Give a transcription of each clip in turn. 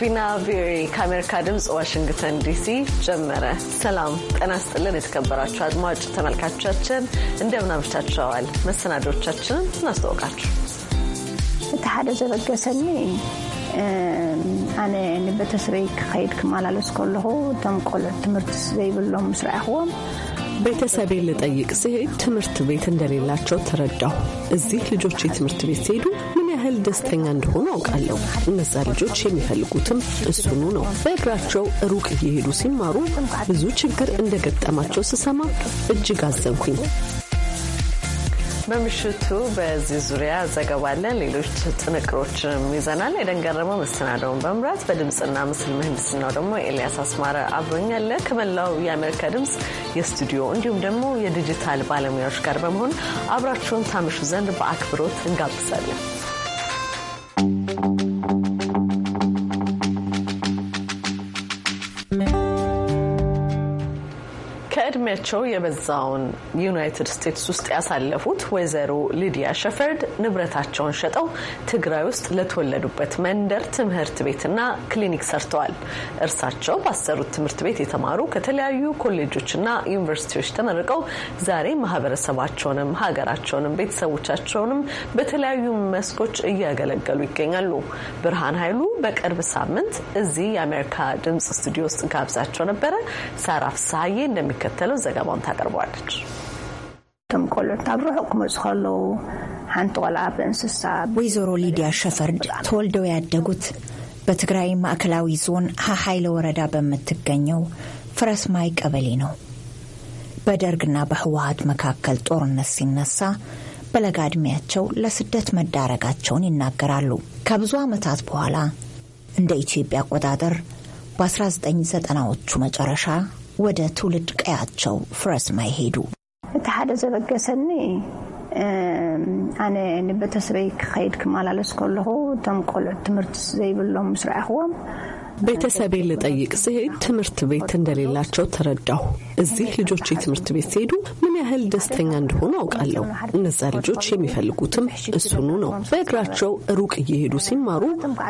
ጋቢና ቪኦኤ ከአሜሪካ ድምፅ ዋሽንግተን ዲሲ ጀመረ። ሰላም ጤና ይስጥልን። የተከበራችሁ አድማጭ ተመልካቾቻችን እንደምን አምሽታችኋል? መሰናዶቻችንን እናስተዋውቃችሁ። እቲ ሓደ ዘበገሰኒ ኣነ ንቤተሰበይ ክኸይድ ክመላለስ ከለኹ እቶም ቆልዑ ትምህርቲ ዘይብሎም ምስ ረኣኽዎም ቤተሰቤን ልጠይቅ ስሄድ ትምህርት ቤት እንደሌላቸው ተረዳሁ። እዚህ ልጆች የትምህርት ቤት ሲሄዱ ደስተኛ እንደሆኑ አውቃለሁ። እነዛ ልጆች የሚፈልጉትም እሱኑ ነው። በእግራቸው ሩቅ እየሄዱ ሲማሩ ብዙ ችግር እንደገጠማቸው ስሰማ እጅግ አዘንኩኝ። በምሽቱ በዚህ ዙሪያ ዘገባ አለን። ሌሎች ጥንቅሮችንም ይዘናል። የደንገረመው መሰናደውን በመምራት በድምፅና ምስል ምህንድስናው ደግሞ ኤልያስ አስማረ አብሮኛለ ከመላው የአሜሪካ ድምፅ የስቱዲዮ እንዲሁም ደግሞ የዲጂታል ባለሙያዎች ጋር በመሆን አብራችሁን ታምሹ ዘንድ በአክብሮት እንጋብዛለን። እድሜያቸው የበዛውን ዩናይትድ ስቴትስ ውስጥ ያሳለፉት ወይዘሮ ሊዲያ ሸፈርድ ንብረታቸውን ሸጠው ትግራይ ውስጥ ለተወለዱበት መንደር ትምህርት ቤትና ክሊኒክ ሰርተዋል። እርሳቸው ባሰሩት ትምህርት ቤት የተማሩ ከተለያዩ ኮሌጆችና ዩኒቨርሲቲዎች ተመርቀው ዛሬ ማህበረሰባቸውንም ሀገራቸውንም ቤተሰቦቻቸውንም በተለያዩ መስኮች እያገለገሉ ይገኛሉ። ብርሃን ኃይሉ በቅርብ ሳምንት እዚህ የአሜሪካ ድምጽ ስቱዲዮ ውስጥ ጋብዛቸው ነበረ። ሳራ ፍስሀዬ እንደሚከተለው ዘገባውን ታቀርበዋለች። እቶም ቆልዑት ኣብ ርሑቅ ክመፁ ከለዉ ሓንቲ ቆልዓ ብእንስሳ ወይዘሮ ሊድያ ሸፈርድ ተወልደው ያደጉት በትግራይ ማእከላዊ ዞን ሃሓይለ ወረዳ በምትገኘው ፍረስማይ ቀበሌ ነው። በደርግና በህወሀት መካከል ጦርነት ሲነሳ በለጋ ዕድሜያቸው ለስደት መዳረጋቸውን ይናገራሉ። ከብዙ ዓመታት በኋላ እንደ ኢትዮጵያ አቆጣጠር በ1990ዎቹ መጨረሻ ወደ ትውልድ ቀያቸው ፍረስ ማይሄዱ እቲ ሓደ ዘበገሰኒ ኣነ ንቤተሰበይ ክኸይድ ክመላለስ ከለኹ እቶም ቆልዑ ትምህርቲ ዘይብሎም ምስ ረኣኽዎም ቤተሰቤን ልጠይቅ ስሄድ ትምህርት ቤት እንደሌላቸው ተረዳሁ። እዚህ ልጆች ትምህርት ቤት ሲሄዱ ምን ያህል ደስተኛ እንደሆኑ አውቃለሁ። እነዛ ልጆች የሚፈልጉትም እሱኑ ነው። በእግራቸው ሩቅ እየሄዱ ሲማሩ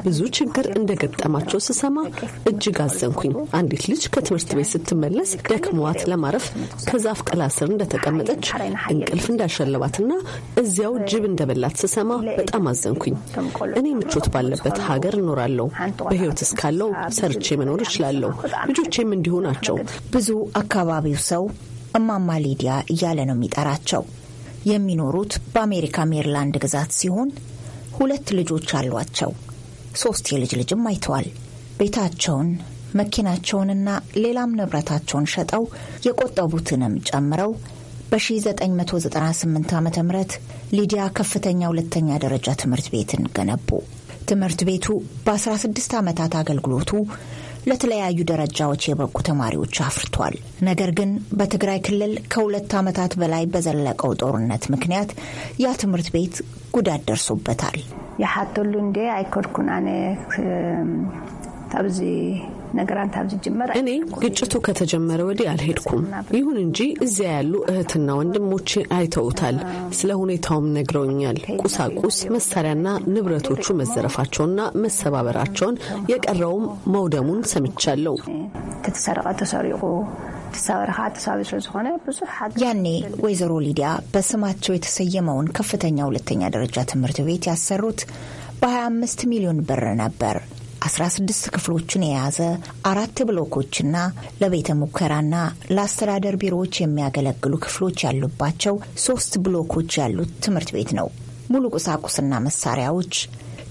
ብዙ ችግር እንደገጠማቸው ስሰማ እጅግ አዘንኩኝ። አንዲት ልጅ ከትምህርት ቤት ስትመለስ ደክመዋት ለማረፍ ከዛፍ ጥላ ስር እንደተቀመጠች እንቅልፍ እንዳሸለባትና እዚያው ጅብ እንደበላት ስሰማ በጣም አዘንኩኝ። እኔ ምቾት ባለበት ሀገር እኖራለሁ። በህይወት እስካለው ሰርቼ መኖር እችላለሁ። ልጆቼም እንዲሁ ናቸው። ብዙ አካባቢው ሰው እማማ ሊዲያ እያለ ነው የሚጠራቸው። የሚኖሩት በአሜሪካ ሜሪላንድ ግዛት ሲሆን ሁለት ልጆች አሏቸው። ሶስት የልጅ ልጅም አይተዋል። ቤታቸውን መኪናቸውንና ሌላም ንብረታቸውን ሸጠው የቆጠቡትንም ጨምረው በ1998 ዓ ም ሊዲያ ከፍተኛ ሁለተኛ ደረጃ ትምህርት ቤትን ገነቡ። ትምህርት ቤቱ በ16 ዓመታት አገልግሎቱ ለተለያዩ ደረጃዎች የበቁ ተማሪዎች አፍርቷል። ነገር ግን በትግራይ ክልል ከሁለት ዓመታት በላይ በዘለቀው ጦርነት ምክንያት ያ ትምህርት ቤት ጉዳት ደርሶበታል። ይሓተሉ እንዴ አይኮድኩን አነ ኣብዚ እኔ ግጭቱ ከተጀመረ ወዲህ አልሄድኩም። ይሁን እንጂ እዚያ ያሉ እህትና ወንድሞቼ አይተውታል። ስለ ሁኔታውም ነግረውኛል። ቁሳቁስ መሳሪያና ንብረቶቹ መዘረፋቸውና መሰባበራቸውን የቀረውም መውደሙን ሰምቻለሁ። ያኔ ወይዘሮ ሊዲያ በስማቸው የተሰየመውን ከፍተኛ ሁለተኛ ደረጃ ትምህርት ቤት ያሰሩት በ25 ሚሊዮን ብር ነበር። 16 ክፍሎችን የያዘ አራት ብሎኮችና ለቤተ ሙከራና ለአስተዳደር ቢሮዎች የሚያገለግሉ ክፍሎች ያሉባቸው ሶስት ብሎኮች ያሉት ትምህርት ቤት ነው። ሙሉ ቁሳቁስና መሳሪያዎች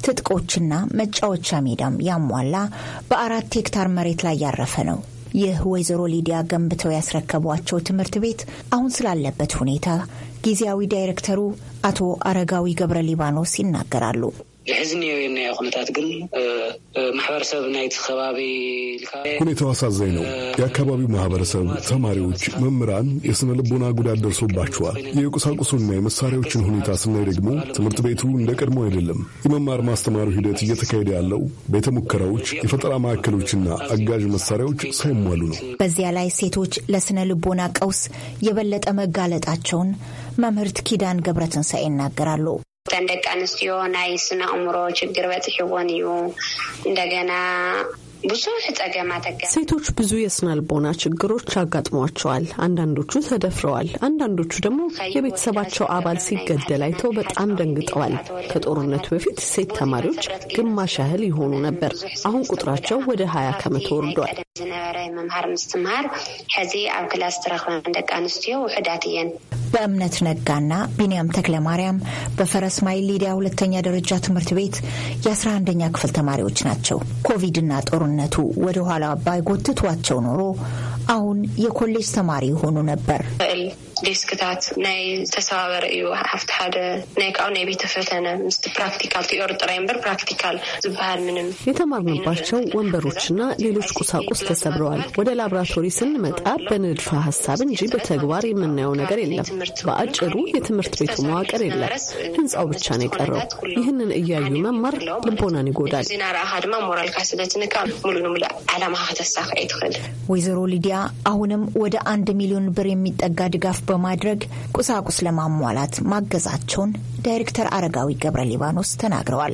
ትጥቆችና መጫወቻ ሜዳም ያሟላ በአራት ሄክታር መሬት ላይ ያረፈ ነው። ይህ ወይዘሮ ሊዲያ ገንብተው ያስረከቧቸው ትምህርት ቤት አሁን ስላለበት ሁኔታ ጊዜያዊ ዳይሬክተሩ አቶ አረጋዊ ገብረ ሊባኖስ ይናገራሉ። የሕዝኒ ናይ ኩነታት ግን ማሕበረሰብ ናይቲ ከባቢ ሁኔታው አሳዛኝ ነው። የአካባቢው ማህበረሰብ፣ ተማሪዎች፣ መምህራን የስነ ልቦና ጉዳት ደርሶባቸዋል። የቁሳቁሱና የመሳሪያዎችን ሁኔታ ስናይ ደግሞ ትምህርት ቤቱ እንደ ቀድሞ አይደለም። የመማር ማስተማሩ ሂደት እየተካሄደ ያለው ቤተ ሙከራዎች፣ የፈጠራ ማዕከሎችና አጋዥ መሳሪያዎች ሳይሟሉ ነው። በዚያ ላይ ሴቶች ለስነ ልቦና ቀውስ የበለጠ መጋለጣቸውን መምህርት ኪዳን ገብረትንሳኤ ይናገራሉ። ተን ደቂ ኣንስትዮ ናይ ስነ ኣእምሮ ችግር በፅሕዎን እዩ እንደገና ሴቶች ብዙ የስነልቦና ችግሮች አጋጥሟቸዋል። አንዳንዶቹ ተደፍረዋል። አንዳንዶቹ ደግሞ የቤተሰባቸው አባል ሲገደል አይተው በጣም ደንግጠዋል። ከጦርነቱ በፊት ሴት ተማሪዎች ግማሽ ያህል ይሆኑ ነበር። አሁን ቁጥራቸው ወደ ሀያ ከመቶ ወርዷል። በእምነት ነጋና ቢንያም ተክለ ማርያም በፈረስ ማይል ሊዲያ ሁለተኛ ደረጃ ትምህርት ቤት የአስራ አንደኛ ክፍል ተማሪዎች ናቸው። ኮቪድና ጦር ጦርነቱ ወደ ኋላ ባይጎትቷቸው ኖሮ አሁን የኮሌጅ ተማሪ የሆኑ ነበር። ዴስክታት ናይ ተሰባበረ እዩ ሓፍቲ ሓደ ናይ ካብኡ ናይ ቤተ ፈተነ ምስ ፕራክቲካል ትዮር ጥራይ እምበር ፕራክቲካል ዝበሃል ምንም የተማርንባቸው ወንበሮችና ሌሎች ቁሳቁስ ተሰብረዋል። ወደ ላብራቶሪ ስንመጣ በንድፈ ሀሳብ እንጂ በተግባር የምናየው ነገር የለም። በአጭሩ የትምህርት ቤቱ መዋቅር የለም፣ ህንፃው ብቻ ነው የቀረው። ይህንን እያዩ መማር ልቦናን ይጎዳል። ድማ ሞራልካ ስለትንካ ሙሉ ንሙሉ ዓላማ ወይዘሮ ሊዲያ አሁንም ወደ አንድ ሚሊዮን ብር የሚጠጋ ድጋፍ በማድረግ ቁሳቁስ ለማሟላት ማገዛቸውን ዳይሬክተር አረጋዊ ገብረ ሊባኖስ ተናግረዋል።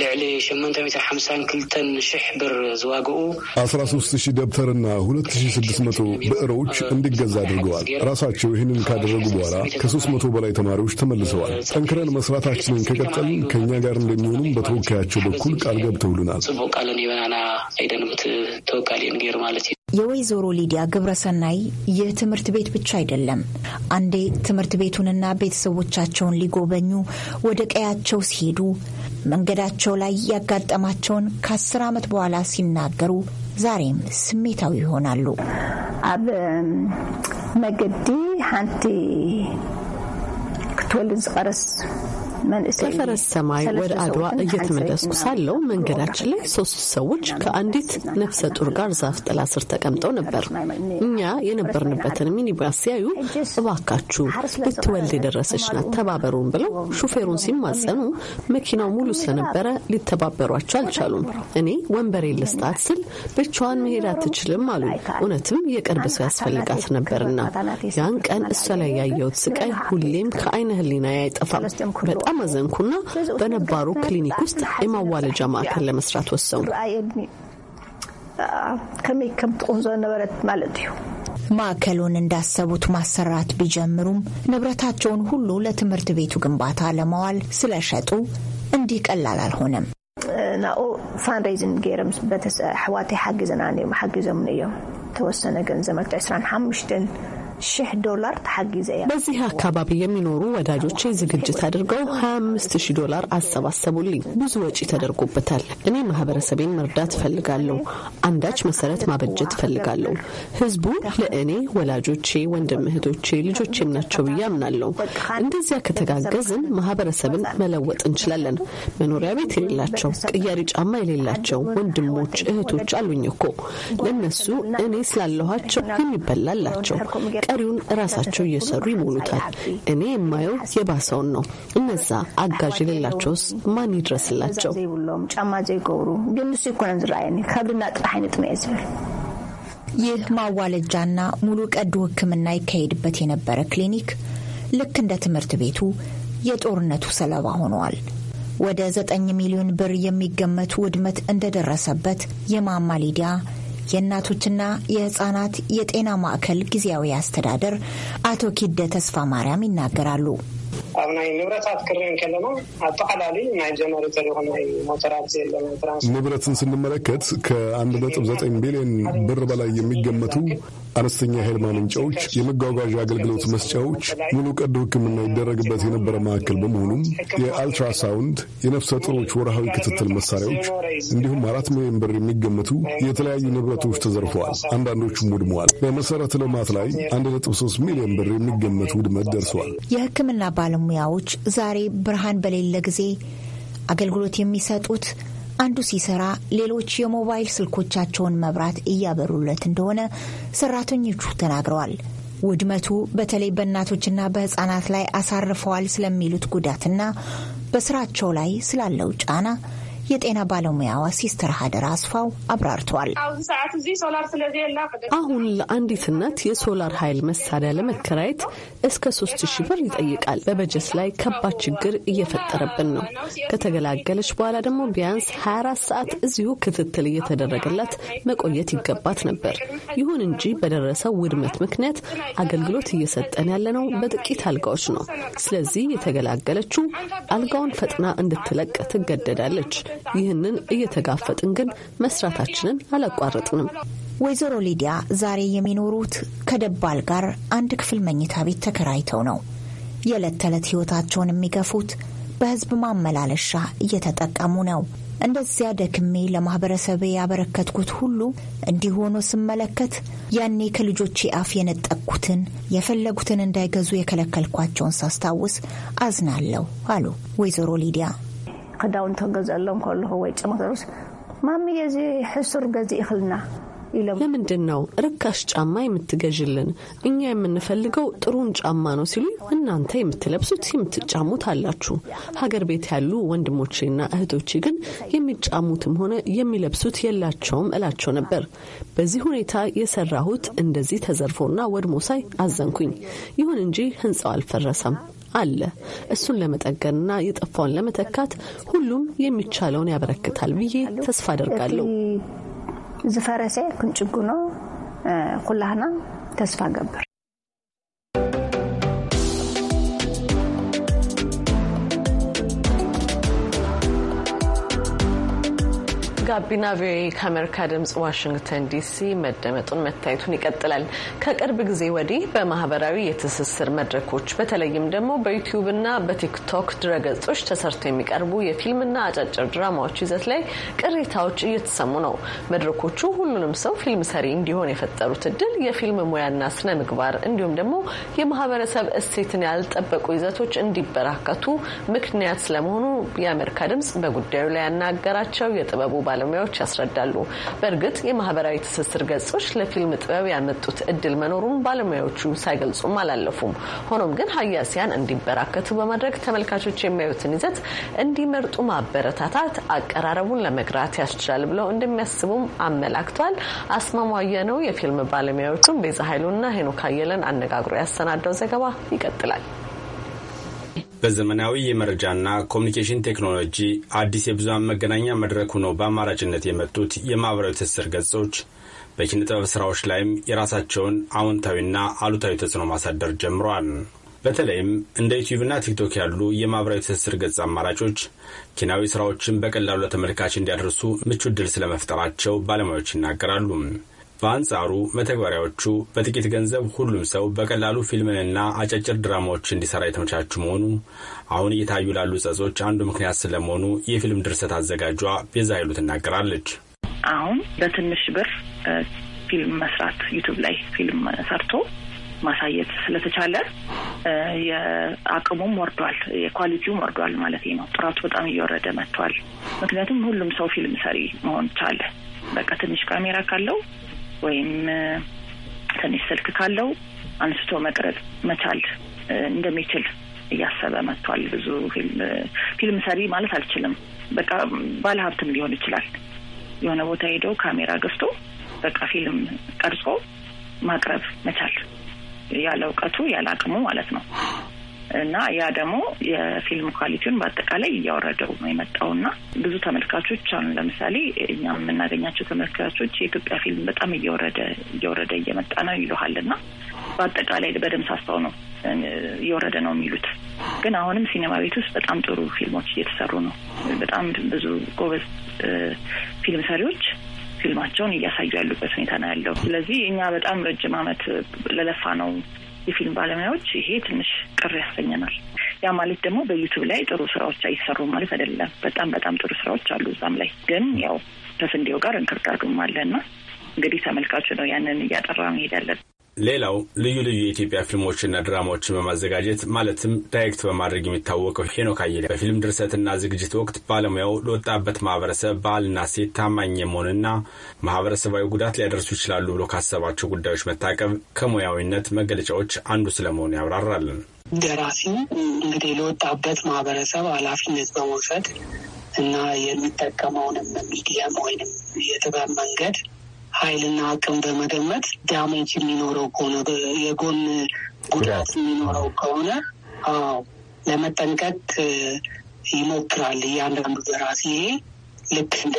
ልዕሊ 852 ሽሕ ብር ዝዋግኡ 130 ደብተርና 2600 ብዕሮች እንዲገዛ አድርገዋል። ራሳቸው ይህንን ካደረጉ በኋላ ከ300 በላይ ተማሪዎች ተመልሰዋል። ጠንክረን መስራታችንን ከቀጠልን ከእኛ ጋር እንደሚሆኑም በተወካያቸው በኩል ቃል ገብተውልናል። ጽቡቅ ቃልን የበናና አይደንምት ተወቃሌን ገይር ማለት የወይዘሮ ሊዲያ ግብረሰናይ ይህ ትምህርት ቤት ብቻ አይደለም። አንዴ ትምህርት ቤቱንና ቤተሰቦቻቸውን ሊጎበኙ ወደ ቀያቸው ሲሄዱ መንገዳቸው ላይ ያጋጠማቸውን ከአስር ዓመት በኋላ ሲናገሩ ዛሬም ስሜታዊ ይሆናሉ። ኣብ መገዲ ሓንቲ ክትወልድ ዝቀረስ ከፈረስ ሰማይ ወደ አድዋ እየተመለስኩ ሳለው መንገዳችን ላይ ሶስት ሰዎች ከአንዲት ነፍሰ ጡር ጋር ዛፍ ጥላ ስር ተቀምጠው ነበር። እኛ የነበርንበትን ሚኒባስ ሲያዩ እባካችሁ ልትወልድ የደረሰች ናት ተባበሩን ብለው ሹፌሩን ሲማጸኑ መኪናው ሙሉ ስለነበረ ሊተባበሯቸው አልቻሉም። እኔ ወንበሬ ልስጣት ስል ብቻዋን መሄድ አትችልም አሉ። እውነትም የቅርብ ሰው ያስፈልጋት ነበርና ያን ቀን እሷ ላይ ያየሁት ስቃይ ሁሌም ከአይነ ህሊና አይጠፋም። በጣም አዘንኩና በነባሩ ክሊኒክ ውስጥ የማዋለጃ ማዕከል ለመስራት ወሰኑ። ከመይ ከም ትቆም ነበረት ማለት እዩ ማዕከሉን እንዳሰቡት ማሰራት ቢጀምሩም ንብረታቸውን ሁሉ ለትምህርት ቤቱ ግንባታ ለመዋል ስለሸጡ እንዲህ ቀላል አልሆነም። ናብኡ ፋንሬይዝን ገይሮም ኣሕዋተይ ሓጊዘና እዮም ሓጊዞምን እዮም ተወሰነ ገንዘብ መክቲ 25 ሺህ ዶላር ተሓጊዘ እያ። በዚህ አካባቢ የሚኖሩ ወዳጆቼ ዝግጅት አድርገው 25 ሺህ ዶላር አሰባሰቡልኝ። ብዙ ወጪ ተደርጎበታል። እኔ ማህበረሰቤን መርዳት እፈልጋለሁ። አንዳች መሰረት ማበጀት እፈልጋለሁ። ህዝቡ ለእኔ ወላጆቼ፣ ወንድም እህቶቼ፣ ልጆቼም ናቸው ብዬ አምናለሁ። እንደዚያ ከተጋገዝን ማህበረሰብን መለወጥ እንችላለን። መኖሪያ ቤት የሌላቸው ቅያሪ ጫማ የሌላቸው ወንድሞች እህቶች አሉኝ እኮ ለእነሱ እኔ ስላለኋቸው የሚበላላቸው ቀሪውን ራሳቸው እየሰሩ ይሞሉታል። እኔ የማየው የባሰውን ነው። እነዛ አጋዥ የሌላቸውስ ማን ይድረስላቸው? ጫማ ዘይገብሩ ግን ንሱ ይኮነን ዝረአየኒ ጥራሕ ዓይነት ዝብል ይህ ማዋለጃና ሙሉ ቀዶ ሕክምና ይካሄድበት የነበረ ክሊኒክ ልክ እንደ ትምህርት ቤቱ የጦርነቱ ሰለባ ሆነዋል። ወደ ዘጠኝ ሚሊዮን ብር የሚገመት ውድመት እንደደረሰበት የማማ ሊዲያ የእናቶችና የህፃናት የጤና ማዕከል ጊዜያዊ አስተዳደር አቶ ኪደ ተስፋ ማርያም ይናገራሉ። ኣብ ናይ ንብረታት ክርአን ከለና ኣጠቃላለዩ ናይ ጀነሬተር ይኹን ናይ ሞተራት ዘለና ንብረትን ስንመለከት ከአንድ ነጥብ ዘጠኝ ቢልዮን ብር በላይ የሚገመቱ አነስተኛ ኃይል ማመንጫዎች፣ የመጓጓዣ አገልግሎት መስጫዎች፣ ሙሉ ቀዶ ሕክምና ይደረግበት የነበረ ማዕከል በመሆኑም የአልትራሳውንድ የነፍሰ ጥሮች ወርሃዊ ክትትል መሳሪያዎች እንዲሁም አራት ሚሊዮን ብር የሚገመቱ የተለያዩ ንብረቶች ተዘርፈዋል። አንዳንዶቹም ውድመዋል። በመሰረተ ልማት ላይ 1.3 ሚሊዮን ብር የሚገመት ውድመት ደርሰዋል። የሕክምና ባለሙያዎች ዛሬ ብርሃን በሌለ ጊዜ አገልግሎት የሚሰጡት አንዱ ሲሰራ ሌሎች የሞባይል ስልኮቻቸውን መብራት እያበሩለት እንደሆነ ሰራተኞቹ ተናግረዋል። ውድመቱ በተለይ በእናቶችና በሕፃናት ላይ አሳርፈዋል ስለሚሉት ጉዳትና በስራቸው ላይ ስላለው ጫና የጤና ባለሙያዋ ሲስተር ሀደር አስፋው አብራርተዋል። አሁን ለአንዲት እናት የሶላር ኃይል መሳሪያ ለመከራየት እስከ ሶስት ሺ ብር ይጠይቃል። በበጀት ላይ ከባድ ችግር እየፈጠረብን ነው። ከተገላገለች በኋላ ደግሞ ቢያንስ 24 ሰዓት እዚሁ ክትትል እየተደረገላት መቆየት ይገባት ነበር። ይሁን እንጂ በደረሰው ውድመት ምክንያት አገልግሎት እየሰጠን ያለነው በጥቂት አልጋዎች ነው። ስለዚህ የተገላገለችው አልጋውን ፈጥና እንድትለቅ ትገደዳለች። ይህንን እየተጋፈጥን ግን መስራታችንን አላቋረጥንም። ወይዘሮ ሊዲያ ዛሬ የሚኖሩት ከደባል ጋር አንድ ክፍል መኝታ ቤት ተከራይተው ነው። የዕለት ተዕለት ሕይወታቸውን የሚገፉት በህዝብ ማመላለሻ እየተጠቀሙ ነው። እንደዚያ ደክሜ ለማህበረሰቤ ያበረከትኩት ሁሉ እንዲህ ሆኖ ስመለከት ያኔ ከልጆቼ አፍ የነጠቅኩትን የፈለጉትን እንዳይገዙ የከለከልኳቸውን ሳስታውስ አዝናለሁ አሉ ወይዘሮ ሊዲያ። ክዳውንቲ ክገዝአሎም ከለኹ ወይ ጭምክርስ ማሚ የዚ ሕሱር ገዚ ይኽልና ኢሎም ለምንድን ነው ርካሽ ጫማ የምትገዥልን? እኛ የምንፈልገው ጥሩን ጫማ ነው ሲሉ እናንተ የምትለብሱት የምትጫሙት አላችሁ። ሀገር ቤት ያሉ ወንድሞቼና እህቶቼ ግን የሚጫሙትም ሆነ የሚለብሱት የላቸውም እላቸው ነበር። በዚህ ሁኔታ የሰራሁት እንደዚህ ተዘርፎና ወድሞ ሳይ አዘንኩኝ። ይሁን እንጂ ህንፃው አልፈረሰም። አለ። እሱን ለመጠገንና የጠፋውን ለመተካት ሁሉም የሚቻለውን ያበረክታል ብዬ ተስፋ አደርጋለሁ። ዝፈረሰ ክንጭጉኖ ኩላህና ተስፋ ገብር ጋቢና ቪኦኤ ከአሜሪካ ድምጽ ዋሽንግተን ዲሲ መደመጡን መታየቱን ይቀጥላል። ከቅርብ ጊዜ ወዲህ በማህበራዊ የትስስር መድረኮች በተለይም ደግሞ በዩቲዩብና በቲክቶክ ድረገጾች ተሰርተው የሚቀርቡ የፊልምና አጫጭር ድራማዎች ይዘት ላይ ቅሬታዎች እየተሰሙ ነው። መድረኮቹ ሁሉንም ሰው ፊልም ሰሪ እንዲሆን የፈጠሩት እድል የፊልም ሙያና ስነ ምግባር እንዲሁም ደግሞ የማህበረሰብ እሴትን ያልጠበቁ ይዘቶች እንዲበራከቱ ምክንያት ስለመሆኑ የአሜሪካ ድምጽ በጉዳዩ ላይ ያናገራቸው የጥበቡ ባለ ባለሙያዎች ያስረዳሉ። በእርግጥ የማህበራዊ ትስስር ገጾች ለፊልም ጥበብ ያመጡት እድል መኖሩን ባለሙያዎቹ ሳይገልጹም አላለፉም። ሆኖም ግን ሀያሲያን እንዲበራከቱ በማድረግ ተመልካቾች የሚያዩትን ይዘት እንዲመርጡ ማበረታታት አቀራረቡን ለመግራት ያስችላል ብለው እንደሚያስቡም አመላክቷል። አስማማየ ነው የፊልም ባለሙያዎቹን ቤዛ ኃይሉና ሄኖክ አየለን አነጋግሮ ያሰናዳው ዘገባ ይቀጥላል። በዘመናዊ የመረጃና ኮሚኒኬሽን ቴክኖሎጂ አዲስ የብዙን መገናኛ መድረክ ሆነው በአማራጭነት የመጡት የማህበራዊ ትስስር ገጾች በኪነ ጥበብ ስራዎች ላይም የራሳቸውን አዎንታዊና አሉታዊ ተጽዕኖ ማሳደር ጀምረዋል። በተለይም እንደ ዩቲዩብና ቲክቶክ ያሉ የማህበራዊ ትስስር ገጽ አማራጮች ኪናዊ ስራዎችን በቀላሉ ለተመልካች እንዲያደርሱ ምቹ ዕድል ስለመፍጠራቸው ባለሙያዎች ይናገራሉ። በአንጻሩ መተግበሪያዎቹ በጥቂት ገንዘብ ሁሉም ሰው በቀላሉ ፊልምንና አጫጭር ድራማዎች እንዲሰራ የተመቻቹ መሆኑ አሁን እየታዩ ላሉ ጸጾች አንዱ ምክንያት ስለመሆኑ የፊልም ድርሰት አዘጋጇ ቤዛ ይሉ ትናገራለች። አሁን በትንሽ ብር ፊልም መስራት ዩቱብ ላይ ፊልም ሰርቶ ማሳየት ስለተቻለ የአቅሙም ወርዷል፣ የኳሊቲውም ወርዷል ማለት ነው። ጥራቱ በጣም እየወረደ መጥቷል። ምክንያቱም ሁሉም ሰው ፊልም ሰሪ መሆን ቻለ። በቃ ትንሽ ካሜራ ካለው ወይም ትንሽ ስልክ ካለው አንስቶ መቅረጽ መቻል እንደሚችል እያሰበ መጥቷል። ብዙ ፊልም ሰሪ ማለት አልችልም፣ በቃ ባለሀብትም ሊሆን ይችላል። የሆነ ቦታ ሄዶ ካሜራ ገዝቶ በቃ ፊልም ቀርጾ ማቅረብ መቻል ያለ እውቀቱ ያለ አቅሙ ማለት ነው። እና ያ ደግሞ የፊልም ኳሊቲውን በአጠቃላይ እያወረደው ነው የመጣው እና ብዙ ተመልካቾች አሁን ለምሳሌ እኛ የምናገኛቸው ተመልካቾች የኢትዮጵያ ፊልም በጣም እየወረደ እየወረደ እየመጣ ነው ይለሃል እና በአጠቃላይ በደም ሳስተው ነው እየወረደ ነው የሚሉት። ግን አሁንም ሲኔማ ቤት ውስጥ በጣም ጥሩ ፊልሞች እየተሰሩ ነው። በጣም ብዙ ጎበዝ ፊልም ሰሪዎች ፊልማቸውን እያሳዩ ያሉበት ሁኔታ ነው ያለው። ስለዚህ እኛ በጣም ረጅም ዓመት ለለፋ ነው የፊልም ባለሙያዎች ይሄ ትንሽ ቅር ያሰኘናል። ያ ማለት ደግሞ በዩቱብ ላይ ጥሩ ስራዎች አይሰሩም ማለት አይደለም። በጣም በጣም ጥሩ ስራዎች አሉ እዛም ላይ ግን ያው ከስንዴው ጋር እንክርዳዱም አለና እንግዲህ ተመልካቹ ነው ያንን እያጠራ መሄድ ያለን። ሌላው ልዩ ልዩ የኢትዮጵያ ፊልሞችና ድራማዎችን በማዘጋጀት ማለትም ዳይሬክት በማድረግ የሚታወቀው ሄኖክ አየለ በፊልም ድርሰትና ዝግጅት ወቅት ባለሙያው ለወጣበት ማህበረሰብ ባልና ሴት ታማኝ የመሆንና ማህበረሰባዊ ጉዳት ሊያደርሱ ይችላሉ ብሎ ካሰባቸው ጉዳዮች መታቀብ ከሙያዊነት መገለጫዎች አንዱ ስለመሆኑ ያብራራልን። ደራሲ እንግዲህ ለወጣበት ማህበረሰብ ኃላፊነት በመውሰድ እና የሚጠቀመውንም ሚዲየም ወይንም የጥበብ መንገድ ኃይልና አቅም በመገመት ዳሜጅ የሚኖረው ከሆነ የጎን ጉዳት የሚኖረው ከሆነ አዎ ለመጠንቀቅ ይሞክራል እያንዳንዱ ደራሲ። ይሄ ልክ እንደ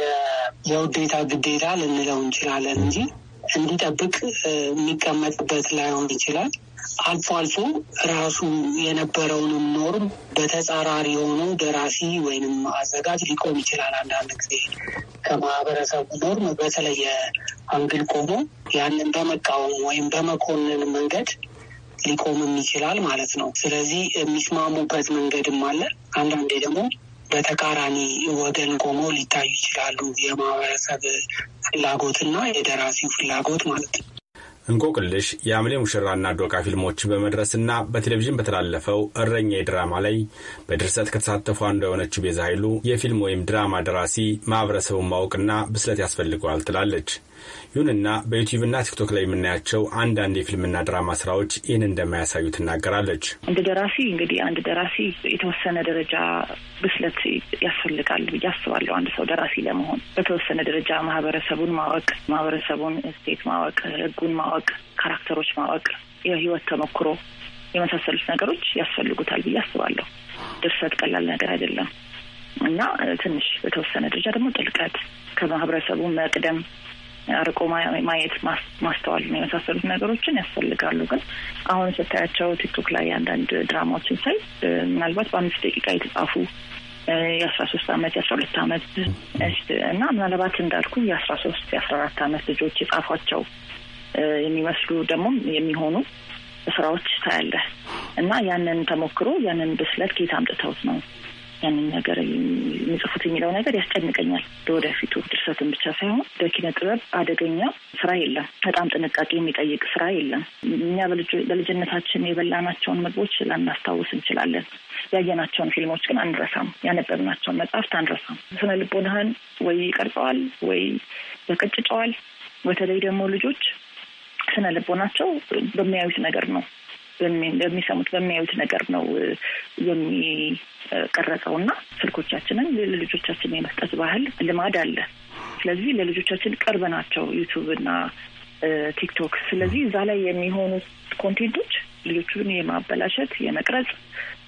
የውዴታ ግዴታ ልንለው እንችላለን እንጂ እንዲጠብቅ የሚቀመጥበት ላይሆን ይችላል። አልፎ አልፎ ራሱ የነበረውንም ኖርም በተጻራሪ የሆኑ ደራሲ ወይንም አዘጋጅ ሊቆም ይችላል። አንዳንድ ጊዜ ከማህበረሰቡ ኖርም በተለየ አንግል ቆሞ ያንን በመቃወም ወይም በመኮንን መንገድ ሊቆምም ይችላል ማለት ነው። ስለዚህ የሚስማሙበት መንገድም አለ። አንዳንዴ ደግሞ በተቃራኒ ወገን ቆሞ ሊታዩ ይችላሉ። የማህበረሰብ ፍላጎትና የደራሲው ፍላጎት ማለት ነው። እንቆቅልሽ፣ የአምሌ ሙሽራና ዶቃ ፊልሞች በመድረስና በቴሌቪዥን በተላለፈው እረኛ ድራማ ላይ በድርሰት ከተሳተፉ አንዷ የሆነችው ቤዛ ኃይሉ የፊልም ወይም ድራማ ደራሲ ማኅበረሰቡን ማወቅና ብስለት ያስፈልገዋል ትላለች። ይሁንና በዩቲዩብና ቲክቶክ ላይ የምናያቸው አንዳንድ የፊልምና ድራማ ስራዎች ይህን እንደማያሳዩ ትናገራለች። እንደ ደራሲ እንግዲህ አንድ ደራሲ የተወሰነ ደረጃ ብስለት ያስፈልጋል ብዬ አስባለሁ። አንድ ሰው ደራሲ ለመሆን በተወሰነ ደረጃ ማህበረሰቡን ማወቅ፣ ማህበረሰቡን ስቴት ማወቅ፣ ህጉን ማወቅ፣ ካራክተሮች ማወቅ፣ የህይወት ተሞክሮ የመሳሰሉት ነገሮች ያስፈልጉታል ብዬ አስባለሁ። ድርሰት ቀላል ነገር አይደለም እና ትንሽ በተወሰነ ደረጃ ደግሞ ጥልቀት ከማህበረሰቡ መቅደም አርቆ ማየት ማስተዋል ነው የመሳሰሉት ነገሮችን ያስፈልጋሉ። ግን አሁን ስታያቸው ቲክቶክ ላይ አንዳንድ ድራማዎችን ሳይ ምናልባት በአምስት ደቂቃ የተጻፉ የአስራ ሶስት አመት የአስራ ሁለት አመት እና ምናልባት እንዳልኩ የአስራ ሶስት የአስራ አራት አመት ልጆች የጻፏቸው የሚመስሉ ደግሞ የሚሆኑ ስራዎች ታያለህ እና ያንን ተሞክሮ ያንን ብስለት ጌታ አምጥተውት ነው ያንን ነገር የሚጽፉት የሚለው ነገር ያስጨንቀኛል። ለወደፊቱ ድርሰትን ብቻ ሳይሆን በኪነ ጥበብ አደገኛ ስራ የለም። በጣም ጥንቃቄ የሚጠይቅ ስራ የለም። እኛ በልጅነታችን የበላናቸውን ምግቦች ላናስታውስ እንችላለን። ያየናቸውን ፊልሞች ግን አንረሳም። ያነበብናቸውን መጽሐፍት አንረሳም። ስነ ልቦናህን ወይ ይቀርጸዋል ወይ ያቀጭጨዋል። በተለይ ደግሞ ልጆች ስነ ልቦናቸው በሚያዩት ነገር ነው በሚሰሙት በሚያዩት ነገር ነው የሚቀረጸው እና ስልኮቻችንን ለልጆቻችን የመስጠት ባህል ልማድ አለ። ስለዚህ ለልጆቻችን ቅርብ ናቸው ዩቱብ እና ቲክቶክ። ስለዚህ እዛ ላይ የሚሆኑት ኮንቴንቶች ልጆቹን የማበላሸት የመቅረጽ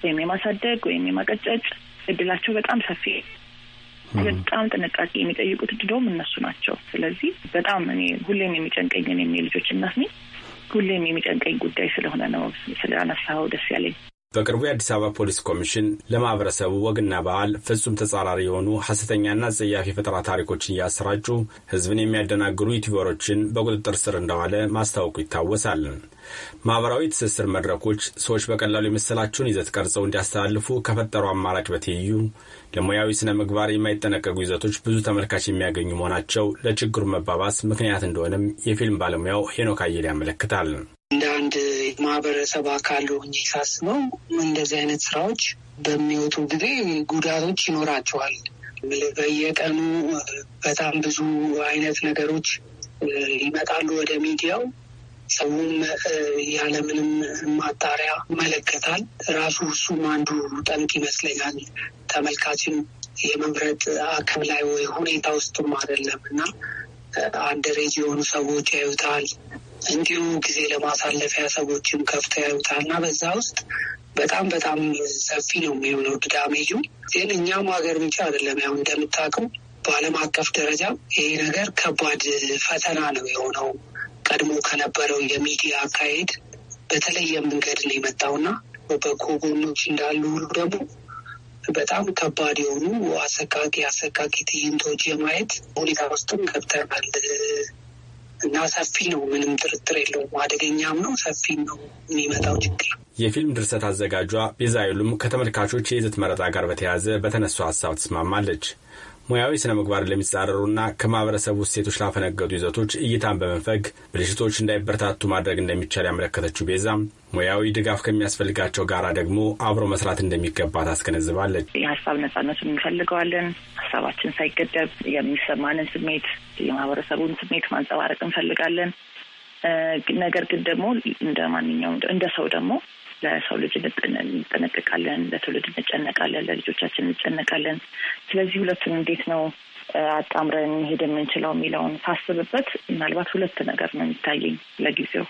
ወይም የማሳደግ ወይም የማቀጨጭ እድላቸው በጣም ሰፊ በጣም ጥንቃቄ የሚጠይቁት ድዶም እነሱ ናቸው። ስለዚህ በጣም እኔ ሁሌም የሚጨንቀኝን የሚ ልጆች እናት ነኝ ሁሌም የሚጨንቀኝ ጉዳይ ስለሆነ ነው ስላነሳኸው ደስ ያለኝ። በቅርቡ የአዲስ አበባ ፖሊስ ኮሚሽን ለማህበረሰቡ ወግና ባህል ፍጹም ተጻራሪ የሆኑ ሐሰተኛና አጸያፊ የፈጠራ ታሪኮችን እያሰራጩ ህዝብን የሚያደናግሩ ዩቲዩበሮችን በቁጥጥር ስር እንደዋለ ማስታወቁ ይታወሳል። ማህበራዊ ትስስር መድረኮች ሰዎች በቀላሉ የመሰላቸውን ይዘት ቀርጸው እንዲያስተላልፉ ከፈጠሩ አማራጭ በትይዩ ለሙያዊ ስነ ምግባር የማይጠነቀቁ ይዘቶች ብዙ ተመልካች የሚያገኙ መሆናቸው ለችግሩ መባባስ ምክንያት እንደሆነም የፊልም ባለሙያው ሄኖክ አየለ ያመለክታል። እንደ አንድ ማህበረሰብ አካል ሆኜ ሳስበው እንደዚህ አይነት ስራዎች በሚወጡ ጊዜ ጉዳቶች ይኖራቸዋል። በየቀኑ በጣም ብዙ አይነት ነገሮች ይመጣሉ ወደ ሚዲያው። ሰውም ያለምንም ማጣሪያ ይመለከታል። ራሱ እሱም አንዱ ጠንቅ ይመስለኛል። ተመልካችን የመምረጥ አቅም ላይ ወይ ሁኔታ ውስጥም አይደለም እና አንድ ሬጅ የሆኑ ሰዎች ያዩታል እንዲሁ ጊዜ ለማሳለፊያ ሰዎችም ከፍቶ ያዩታል እና በዛ ውስጥ በጣም በጣም ሰፊ ነው የሚሆነው ድዳሜጁ። ግን እኛም ሀገር ብቻ አይደለም ያው እንደምታውቀው በዓለም አቀፍ ደረጃ ይሄ ነገር ከባድ ፈተና ነው የሆነው። ቀድሞ ከነበረው የሚዲያ አካሄድ በተለየ መንገድ ነው የመጣውና በጎ ጎኖች እንዳሉ ሁሉ ደግሞ በጣም ከባድ የሆኑ አሰቃቂ አሰቃቂ ትዕይንቶች የማየት ሁኔታ ውስጥም ገብተናል። እና ሰፊ ነው፣ ምንም ጥርጥር የለውም። አደገኛም ነው፣ ሰፊ ነው የሚመጣው ችግር። የፊልም ድርሰት አዘጋጇ ቤዛይሉም ከተመልካቾች የይዘት መረጣ ጋር በተያያዘ በተነሱ ሀሳብ ትስማማለች። ሙያዊ ስነ ምግባር ለሚጻረሩና ከማህበረሰቡ እሴቶች ላፈነገጡ ይዘቶች እይታን በመንፈግ ብልሽቶች እንዳይበረታቱ ማድረግ እንደሚቻል ያመለከተችው ቤዛ ሙያዊ ድጋፍ ከሚያስፈልጋቸው ጋር ደግሞ አብሮ መስራት እንደሚገባ ታስገነዝባለች። የሀሳብ ነጻነት እንፈልገዋለን። ሀሳባችን ሳይገደብ የሚሰማንን ስሜት፣ የማህበረሰቡን ስሜት ማንጸባረቅ እንፈልጋለን። ነገር ግን ደግሞ እንደ ማንኛውም እንደ ሰው ደግሞ ለሰው ልጅ እንጠነቀቃለን፣ ለትውልድ እንጨነቃለን፣ ለልጆቻችን እንጨነቃለን። ስለዚህ ሁለቱን እንዴት ነው አጣምረን መሄድ የምንችለው የሚለውን ሳስብበት ምናልባት ሁለት ነገር ነው የሚታየኝ ለጊዜው።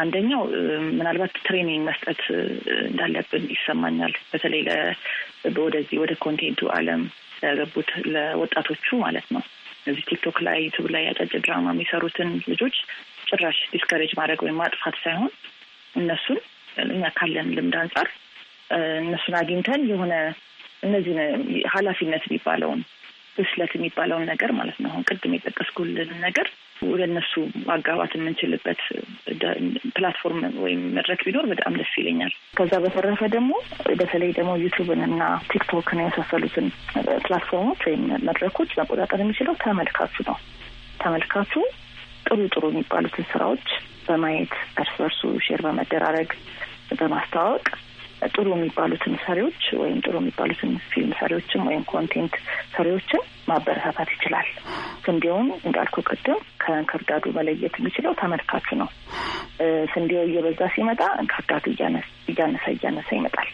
አንደኛው ምናልባት ትሬኒንግ መስጠት እንዳለብን ይሰማኛል። በተለይ ወደዚህ ወደ ኮንቴንቱ ዓለም ለገቡት ለወጣቶቹ ማለት ነው። እዚህ ቲክቶክ ላይ ዩቱብ ላይ አጫጭር ድራማ የሚሰሩትን ልጆች ጭራሽ ዲስከሬጅ ማድረግ ወይም ማጥፋት ሳይሆን እነሱን እኛ ካለን ልምድ አንጻር እነሱን አግኝተን የሆነ እነዚህ ኃላፊነት የሚባለውን ብስለት የሚባለውን ነገር ማለት ነው። አሁን ቅድም የጠቀስኩልን ነገር ወደ እነሱ ማጋባት የምንችልበት ፕላትፎርም ወይም መድረክ ቢኖር በጣም ደስ ይለኛል። ከዛ በተረፈ ደግሞ በተለይ ደግሞ ዩቱብን እና ቲክቶክን የመሳሰሉትን ፕላትፎርሞች ወይም መድረኮች መቆጣጠር የሚችለው ተመልካቹ ነው። ተመልካቹ ጥሩ ጥሩ የሚባሉትን ስራዎች በማየት እርስ በርሱ ሼር በመደራረግ በማስተዋወቅ ጥሩ የሚባሉትን ሰሪዎች ወይም ጥሩ የሚባሉትን ፊልም ሰሪዎችን ወይም ኮንቴንት ሰሪዎችን ማበረታታት ይችላል። ስንዴውን እንዳልኩ ቅድም ከእንክርዳዱ መለየት የሚችለው ተመልካቹ ነው። ስንዴው እየበዛ ሲመጣ እንክርዳዱ እያነሰ እያነሳ ይመጣል።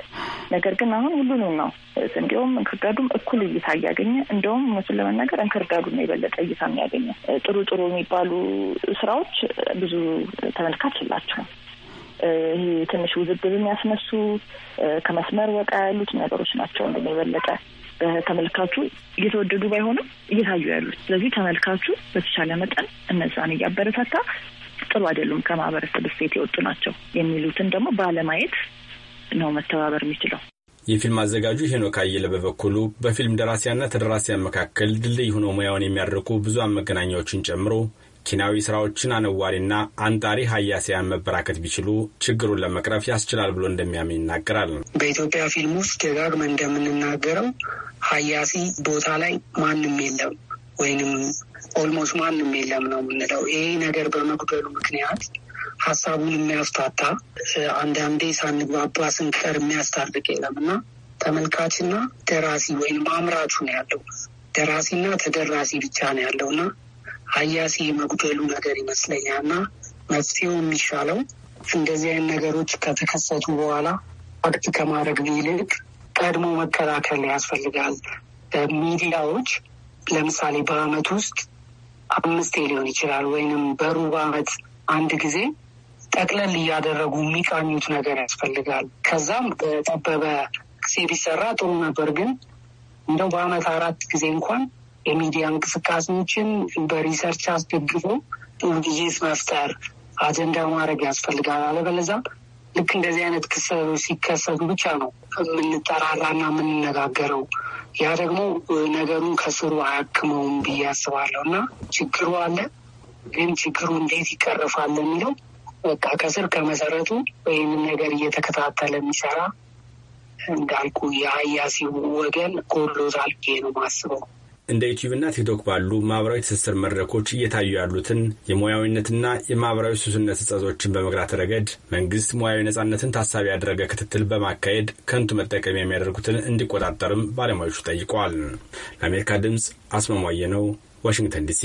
ነገር ግን አሁን ሁሉንም ነው ስንዴውም እንክርዳዱም እኩል እይታ እያገኘ እንደውም እውነቱን ለመናገር እንክርዳዱ ነው የበለጠ እይታ የሚያገኘ። ጥሩ ጥሩ የሚባሉ ስራዎች ብዙ ተመልካች የላቸውም። ይሄ ትንሽ ውዝግብ የሚያስነሱ ከመስመር ወቃ ያሉት ነገሮች ናቸው። እንደ የበለጠ ተመልካቹ እየተወደዱ ባይሆንም እየታዩ ያሉት። ስለዚህ ተመልካቹ በተቻለ መጠን እነዛን እያበረታታ ጥሩ አይደሉም፣ ከማህበረሰብ እሴት የወጡ ናቸው የሚሉትን ደግሞ ባለማየት ነው መተባበር የሚችለው። የፊልም አዘጋጁ ሄኖክ አየለ በበኩሉ በፊልም ደራሲያና ተደራሲያን መካከል ድልድይ ሆኖ ሙያውን የሚያደርጉ ብዙ መገናኛዎችን ጨምሮ ኪናዊ ስራዎችን አነዋሪና አንጣሪ ሀያሲያን መበራከት ቢችሉ ችግሩን ለመቅረፍ ያስችላል ብሎ እንደሚያምን ይናገራል። በኢትዮጵያ ፊልም ውስጥ ደጋግመ እንደምንናገረው ሀያሲ ቦታ ላይ ማንም የለም ወይንም ኦልሞስት ማንም የለም ነው የምንለው። ይሄ ነገር በመጉደሉ ምክንያት ሀሳቡን የሚያፍታታ አንዳንዴ ሳንግባባ ስንቀር የሚያስታርቅ የለም እና ተመልካችና ደራሲ ወይም አምራቹ ነው ያለው። ደራሲና ተደራሲ ብቻ ነው ያለውና አያሴ መጉደሉ ነገር ይመስለኛል እና መፍትሄው የሚሻለው እንደዚህ አይነት ነገሮች ከተከሰቱ በኋላ ወቅት ከማድረግ ይልቅ ቀድሞ መከላከል ያስፈልጋል። ሚዲያዎች ለምሳሌ በአመት ውስጥ አምስቴ ሊሆን ይችላል ወይንም በሩብ አመት አንድ ጊዜ ጠቅለል እያደረጉ የሚቃኙት ነገር ያስፈልጋል። ከዛም በጠበበ ጊዜ ቢሰራ ጥሩ ነበር፣ ግን እንደው በአመት አራት ጊዜ እንኳን የሚዲያ እንቅስቃሴዎችን በሪሰርች አስደግፎ ኢንግጅት መፍጠር አጀንዳ ማድረግ ያስፈልጋል። አለበለዛ ልክ እንደዚህ አይነት ክስተቶች ሲከሰቱ ብቻ ነው የምንጠራራና የምንነጋገረው። ያ ደግሞ ነገሩን ከስሩ አያክመውም ብዬ አስባለሁ እና ችግሩ አለ፣ ግን ችግሩ እንዴት ይቀርፋል የሚለው በቃ ከስር ከመሰረቱ ይህንን ነገር እየተከታተለ የሚሰራ እንዳልኩ የአያሲ ወገን ጎሎታል ነው ማስበው። እንደ ዩቲዩብና ቲክቶክ ባሉ ማህበራዊ ትስስር መድረኮች እየታዩ ያሉትን የሙያዊነትና የማህበራዊ ሱስነት እጸጾችን በመግራት ረገድ መንግስት ሙያዊ ነጻነትን ታሳቢ ያደረገ ክትትል በማካሄድ ከንቱ መጠቀሚያ የሚያደርጉትን እንዲቆጣጠርም ባለሙያዎቹ ጠይቀዋል። ለአሜሪካ ድምፅ አስማማየ ነው፣ ዋሽንግተን ዲሲ።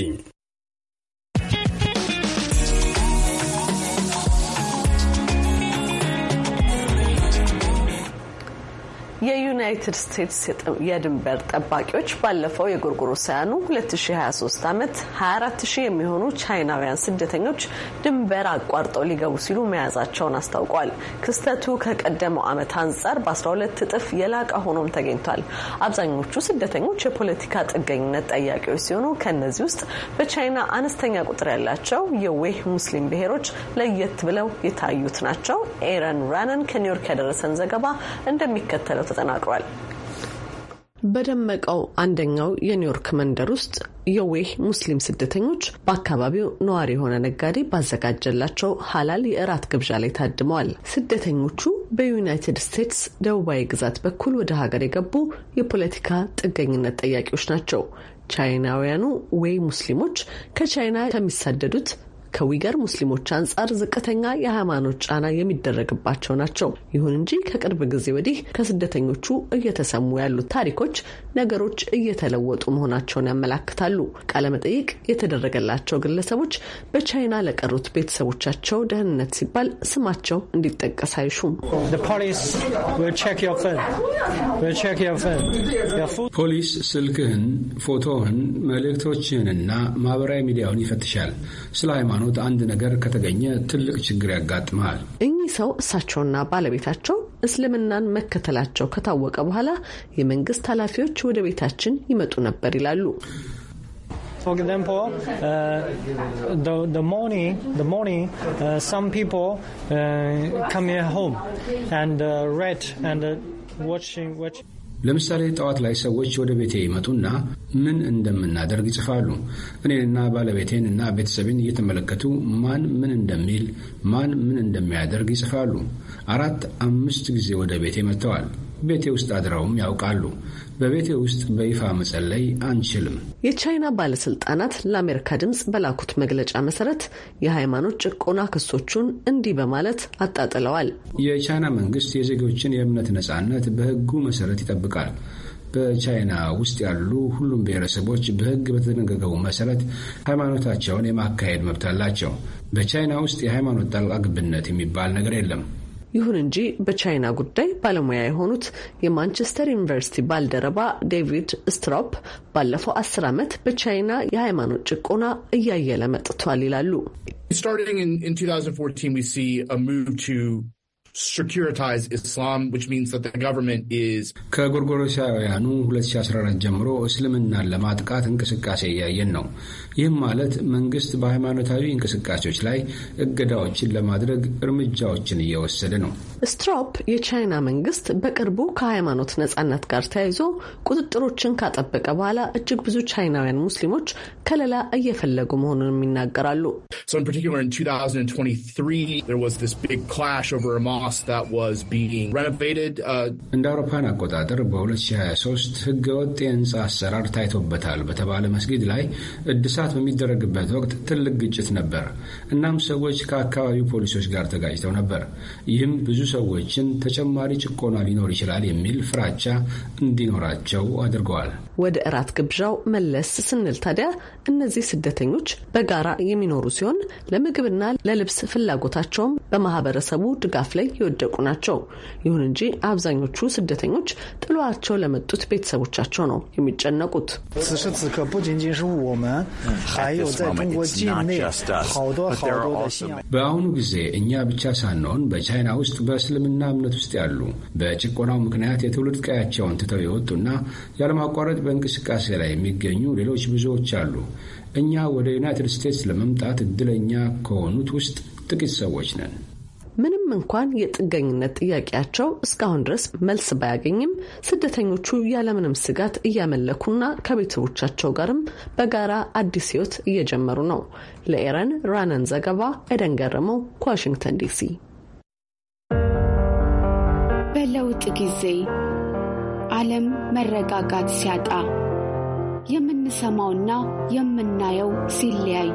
የዩናይትድ ስቴትስ የድንበር ጠባቂዎች ባለፈው የጎርጎሮሳውያኑ 2023 ዓመት 240 የሚሆኑ ቻይናውያን ስደተኞች ድንበር አቋርጠው ሊገቡ ሲሉ መያዛቸውን አስታውቋል። ክስተቱ ከቀደመው ዓመት አንጻር በ12 እጥፍ የላቀ ሆኖም ተገኝቷል። አብዛኞቹ ስደተኞች የፖለቲካ ጥገኝነት ጠያቂዎች ሲሆኑ ከእነዚህ ውስጥ በቻይና አነስተኛ ቁጥር ያላቸው የዌህ ሙስሊም ብሔሮች ለየት ብለው የታዩት ናቸው። ኤረን ራነን ከኒውዮርክ ያደረሰን ዘገባ እንደሚከተለው ተጠናቅሯል። በደመቀው አንደኛው የኒውዮርክ መንደር ውስጥ የዌህ ሙስሊም ስደተኞች በአካባቢው ነዋሪ የሆነ ነጋዴ ባዘጋጀላቸው ሀላል የእራት ግብዣ ላይ ታድመዋል። ስደተኞቹ በዩናይትድ ስቴትስ ደቡባዊ ግዛት በኩል ወደ ሀገር የገቡ የፖለቲካ ጥገኝነት ጠያቂዎች ናቸው። ቻይናውያኑ ዌይ ሙስሊሞች ከቻይና ከሚሳደዱት ከዊገር ሙስሊሞች አንጻር ዝቅተኛ የሃይማኖት ጫና የሚደረግባቸው ናቸው። ይሁን እንጂ ከቅርብ ጊዜ ወዲህ ከስደተኞቹ እየተሰሙ ያሉት ታሪኮች ነገሮች እየተለወጡ መሆናቸውን ያመላክታሉ። ቃለመጠይቅ የተደረገላቸው ግለሰቦች በቻይና ለቀሩት ቤተሰቦቻቸው ደህንነት ሲባል ስማቸው እንዲጠቀስ አይሹም። ፖሊስ ስልክህን፣ ፎቶህን፣ መልእክቶችህንና ማህበራዊ ሚዲያውን ይፈትሻል። ስለ ሃይማኖት አንድ ነገር ከተገኘ ትልቅ ችግር ያጋጥመሃል። እኚህ ሰው እሳቸውና ባለቤታቸው እስልምናን መከተላቸው ከታወቀ በኋላ የመንግስት ኃላፊዎች ወደ ቤታችን ይመጡ ነበር ይላሉ። ሞርኒንግ ለምሳሌ ጠዋት ላይ ሰዎች ወደ ቤቴ ይመጡና ምን እንደምናደርግ ይጽፋሉ። እኔንና ባለቤቴን እና ቤተሰቤን እየተመለከቱ ማን ምን እንደሚል፣ ማን ምን እንደሚያደርግ ይጽፋሉ። አራት አምስት ጊዜ ወደ ቤቴ መጥተዋል። ቤቴ ውስጥ አድረውም ያውቃሉ። በቤቴ ውስጥ በይፋ መጸለይ አንችልም። የቻይና ባለስልጣናት ለአሜሪካ ድምፅ በላኩት መግለጫ መሰረት የሃይማኖት ጭቆና ክሶቹን እንዲህ በማለት አጣጥለዋል። የቻይና መንግስት የዜጎችን የእምነት ነጻነት በህጉ መሰረት ይጠብቃል። በቻይና ውስጥ ያሉ ሁሉም ብሔረሰቦች በህግ በተደነገገው መሰረት ሃይማኖታቸውን የማካሄድ መብት አላቸው። በቻይና ውስጥ የሃይማኖት ጣልቃ የሚባል ነገር የለም። ይሁን እንጂ በቻይና ጉዳይ ባለሙያ የሆኑት የማንቸስተር ዩኒቨርሲቲ ባልደረባ ዴቪድ ስትራፕ ባለፈው አስር ዓመት በቻይና የሃይማኖት ጭቆና እያየለ መጥቷል ይላሉ። securitize ኢስላም which means ከጎርጎሮሳውያኑ 2014 ጀምሮ እስልምናን ለማጥቃት እንቅስቃሴ እያየን ነው። ይህም ማለት መንግስት በሃይማኖታዊ እንቅስቃሴዎች ላይ እገዳዎችን ለማድረግ እርምጃዎችን እየወሰደ ነው። ስትሮፕ የቻይና መንግስት በቅርቡ ከሃይማኖት ነጻነት ጋር ተያይዞ ቁጥጥሮችን ካጠበቀ በኋላ እጅግ ብዙ ቻይናውያን ሙስሊሞች ከለላ እየፈለጉ መሆኑንም ይናገራሉ። So in particular in 2023 there was this big clash over Imam Uh, እንደ አውሮፓን አቆጣጠር በ2023 ህገወጥ የህንፃ አሰራር ታይቶበታል በተባለ መስጊድ ላይ እድሳት በሚደረግበት ወቅት ትልቅ ግጭት ነበር። እናም ሰዎች ከአካባቢው ፖሊሶች ጋር ተጋጭተው ነበር። ይህም ብዙ ሰዎችን ተጨማሪ ጭቆና ሊኖር ይችላል የሚል ፍራቻ እንዲኖራቸው አድርገዋል። ወደ እራት ግብዣው መለስ ስንል ታዲያ እነዚህ ስደተኞች በጋራ የሚኖሩ ሲሆን ለምግብና ለልብስ ፍላጎታቸውም በማህበረሰቡ ድጋፍ ላይ የወደቁ ናቸው። ይሁን እንጂ አብዛኞቹ ስደተኞች ጥሏቸው ለመጡት ቤተሰቦቻቸው ነው የሚጨነቁት። በአሁኑ ጊዜ እኛ ብቻ ሳንሆን በቻይና ውስጥ በእስልምና እምነት ውስጥ ያሉ በጭቆናው ምክንያት የትውልድ ቀያቸውን ትተው የወጡና ያለማቋረጥ በእንቅስቃሴ ላይ የሚገኙ ሌሎች ብዙዎች አሉ። እኛ ወደ ዩናይትድ ስቴትስ ለመምጣት እድለኛ ከሆኑት ውስጥ ጥቂት ሰዎች ነን። ምንም እንኳን የጥገኝነት ጥያቄያቸው እስካሁን ድረስ መልስ ባያገኝም ስደተኞቹ ያለምንም ስጋት እያመለኩና ከቤተሰቦቻቸው ጋርም በጋራ አዲስ ህይወት እየጀመሩ ነው። ለኤረን ራነን ዘገባ ኤደን ገረመው ከዋሽንግተን ዲሲ። በለውጥ ጊዜ ዓለም መረጋጋት ሲያጣ የምንሰማውና የምናየው ሲለያዩ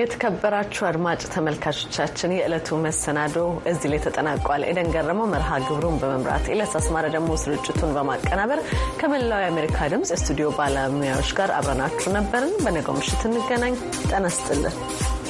የተከበራችሁ አድማጭ ተመልካቾቻችን የዕለቱ መሰናዶ እዚህ ላይ ተጠናቋል። ኤደን ገረመው መርሃ ግብሩን በመምራት ኤለስ አስማረ ደግሞ ስርጭቱን በማቀናበር ከመላው የአሜሪካ ድምፅ የስቱዲዮ ባለሙያዎች ጋር አብረናችሁ ነበርን። በነገው ምሽት እንገናኝ። ጤና ይስጥልን።